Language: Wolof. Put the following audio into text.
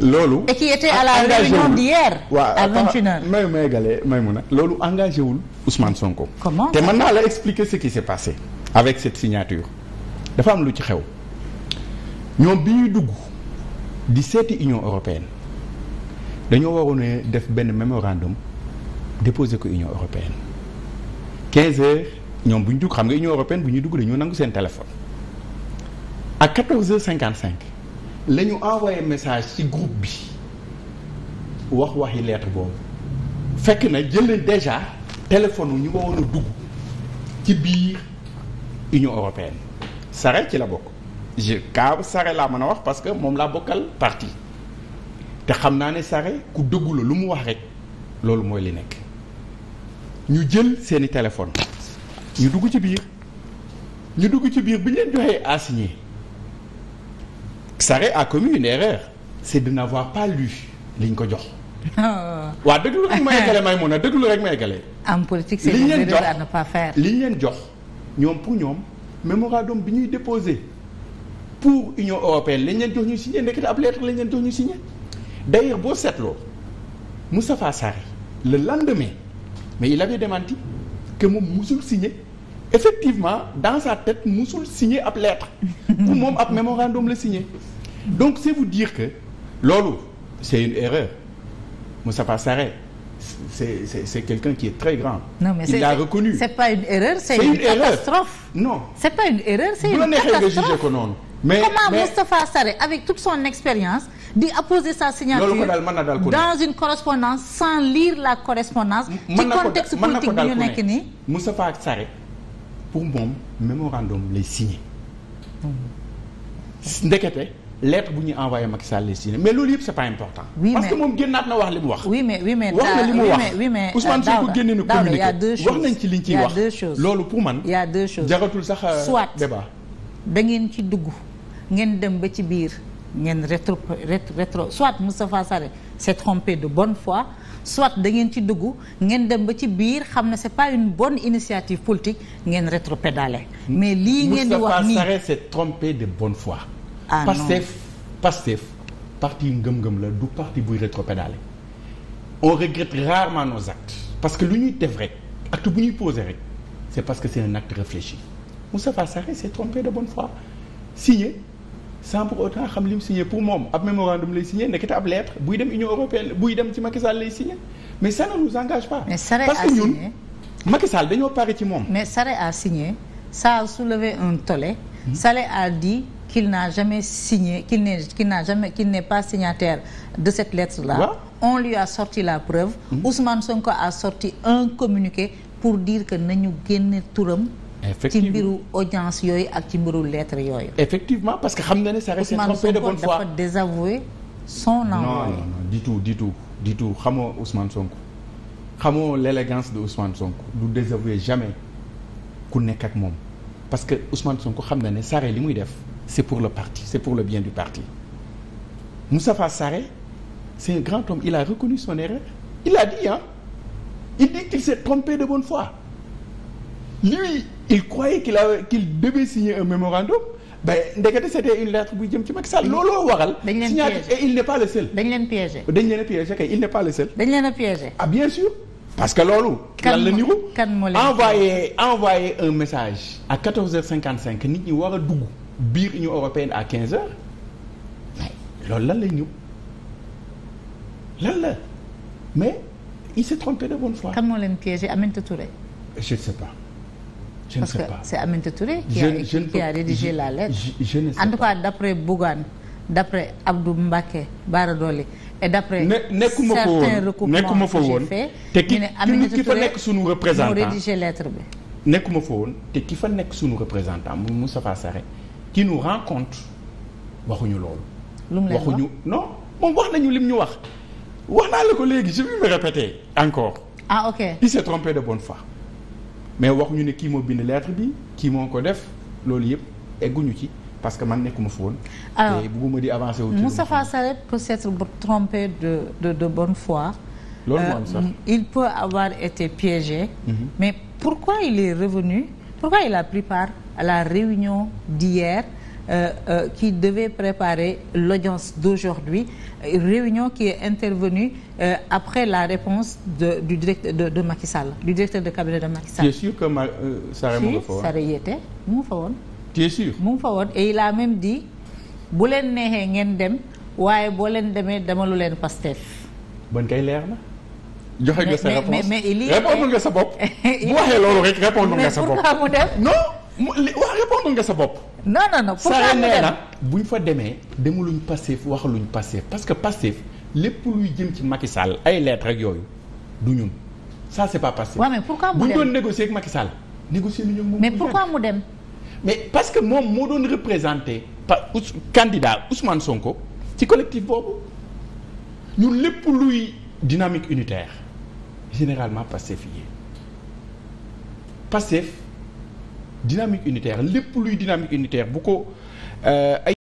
loolu. et qui était à may may may mun a loolu engagé wul Ousmane Sonko. comment te mën naa la expliquer ce qui s'est passé. avec cette signature dafa am lu ci xew ñoom bi ñuy dugg di seeti Union européenne dañoo waroon a def benn mémorandum déposer ko Union européenne 15 heures ñoom bu ñu dugg xam nga Union européenne bu ñuy dugg dañoo nangu seen téléphone ak 14 heures 55. lañu ñu envoyé message ci groupe bi wax yi lettre boobu fekk na jël nañ déjà téléphone ñu waroon a dugg ci biir Union européenne sare ci la bokk je car Sarré laa mën a wax parce que moom laa bokkal parti te xam naa ne sare ku dëggu la lu mu wax rek loolu mooy li nekk ñu jël seeni téléphone ñu dugg ci biir ñu dugg ci biir bi ñu leen joxee assigné Sarré a commis une erreur c'est de n'avoir pas lu li ko jox. waaw déglu rek ma eggale may mun a lu rek ma eggale. en politique c'est une erreur à ne pas li ñu leen jox ñoom pour ñoom mémorandum bi ñuy déposé pour Union européenne lañ leen jox ñu signé ndekete ab lettre lañ leen jox ñu signé d'ailleurs boo seetloo Moustapha Sarré le lendemain mais il avait démenti que moom musul signé. effectivement dans sa tête musul signer ap lettre pour moom ab mémorandum la signé donc c'est vous dire que loolu c'est une erreur Moustapha Sarré c'est c'est c'est quelqu'un qui est très grand. non mais c'est il a reconnu. c'est pas une erreur c'est une, une catastrophe. non c'est pas une erreur c'est une catastrophe bu la ko noonu. mais comment mais... sa signature dans une correspondance sans lire la correspondance. ci contexte politique bi ñu nekk nii. Moustapha pour moom mémorandum lay signé mm. ndekete lettre bu ñuy envoyé Macky Sall lay signé mais loolu yëpp c'est pas important. Oui, parce mais... que moom génnaat na wax li mu wax. oui mais oui mais wax na li mu wax Ousmane euh, Sonko génne na wax nañ ci liñ ciy wax. loolu pour man. y a deux choses jaratul sax euh, débat. soit ngeen ci dugg ngeen dem ba ci biir. ngeen rétro rétro soit Moustapha Sarré s'est trompé de bonne foi soit da ngeen ci dugg ngeen dem ba ci biir xam na c'est pas une bonne initiative politique ngeen rétropédaler mais li ngeen di wax nii Moustapha trompé de bonne foi ah Pastef Pastef parti ngëm-ngëm la du parti buy rétropédaler on regrette rarement nos actes parce que lu ñuy def rek acte bu ñuy posé rek c'est parce que c'est un acte réfléchi Moustapha Sarré s'est trompé de bonne foi signé sans pour autant xam li mu signé pour moom ab mémorandum lay signé ndekete ab lettre buy dem Union européenne buy dem ci Macky Sall lay signé mais ça ne nous engage pas. mais Sarré parce dañoo pare ci moom. mais Sarré a signé ça a un tollé. Mm -hmm. Sarré a dit qu'il n'a jamais signé qu'il n'est qu'il n'a jamais qu'il n'est pas signataire de cette lettre là. on lui a sorti la preuve. Mm -hmm. Ousmane Sonko a sorti un communiqué pour dire que nañu génne turam. ci mbiru audience yooyu ak ci mbiru lettre yooyu. effectivement parce que xam na ne ça reste trompé de bonne foi dafa désavoué son envoyé. non non du tout du tout du tout xamoo Ousmane Sonko xamoo l'élégance de Ousmane Sonko du désavoué jamais ku nekk ak moom parce que Ousmane Sonko xam na ne Sarré li muy def c'est pour le parti c'est pour le bien du parti Moustapha Sarré c'est un grand homme il a reconnu son erreur il a dit hein il dit qu'il s'est trompé il croyait qu'il avait qu'il devait signer un mémorandum ben ndekete c'était une lettre buy jëm ci Macky sa looloo waral. dañ leen piégé et il n'est pas le seul. dañ leen piégé dañ leen a piégé kay il n'est pas le seul. dañ leen a piégé. ah bien sûr parce que loolu. lan la niru kan moo leen envoyé envoyé un message. à 14h55 nit ñi war a dugg biir Union européenne à 15h loolu lan lay niru lan la mais il s'est trompé de bonne foi. kan moo leen piégé Aminata Touré. je ne sais pas. je parce que c'est Aminata Touré. qui a qui, qui a rédigé la lettre. je ne sais pas en tout d'après Bougane d'après Abdou Mbacké Bara Dolly et d'après fa certains recoupements que j'ai te ki ki nekk sunu représentant moo rédigé bi. nekkuma fa woon te ki fa nekk sunu représentant mu Moustapha Sarré qui nous rend compte waxuñu loolu. lu mu leen wax waxuñu non moom wax nañu lim ñu wax. wax naa la ko léegi je vais me répéter encore. ah ok il s'est trompé de bonne foi. mais waxuñu ne kii moo bind lettre bi kii moo ko def loolu yëpp egguñu ci parce que man nekkuma fa woon. alors te bugguma di avancer wu. Moustapha Sarré peut s'être trompé de de de bonne foi. loolu moo euh, sax il peut avoir été piégé. Mhm. mais pourquoi il est revenu pourquoi il a pris à la réunion d'hier euh, euh, qui devait préparer l'audience d'aujourd'hui, réunion qui est intervenue euh, après la réponse de, du directeur de, de Macky Sall, du directeur de cabinet de Macky Sall. Tu es sûr que ma, euh, Sarah si, Sarah mu fa woon. Tu es sûr? mu fa woon et il a même di bu leen neexee ngeen dem waaye boo leen demee dama lu leen Pastef. bon kay leer na. joxe nga sa réponse mais mais mais il y. nga sa bopp. bu waxee loolu rek répondre nga sa bopp. non. li wax répondre nga sa bopp. non non non pour saa nee na bu ñu fa demee demuluñ passif waxaluñ passif parce que passif lépp luy jëm ci Macky Sall ay lettres rek yooyu du ñun ça c'est pas passif. waaw mais pourquoi mu dem bu ñu doon négocier ak Macky Sall négocier lu ñu moom. mais pourquoi mu dem. mais parce que moom moo doon représenté par Ous candidat Ousmane Sonko ci collectif boobu ñun lépp luy dynamique unitaire généralement passif yi passif. dynamique unitaire lépp luy dynamique unitaire bu ko euh, ay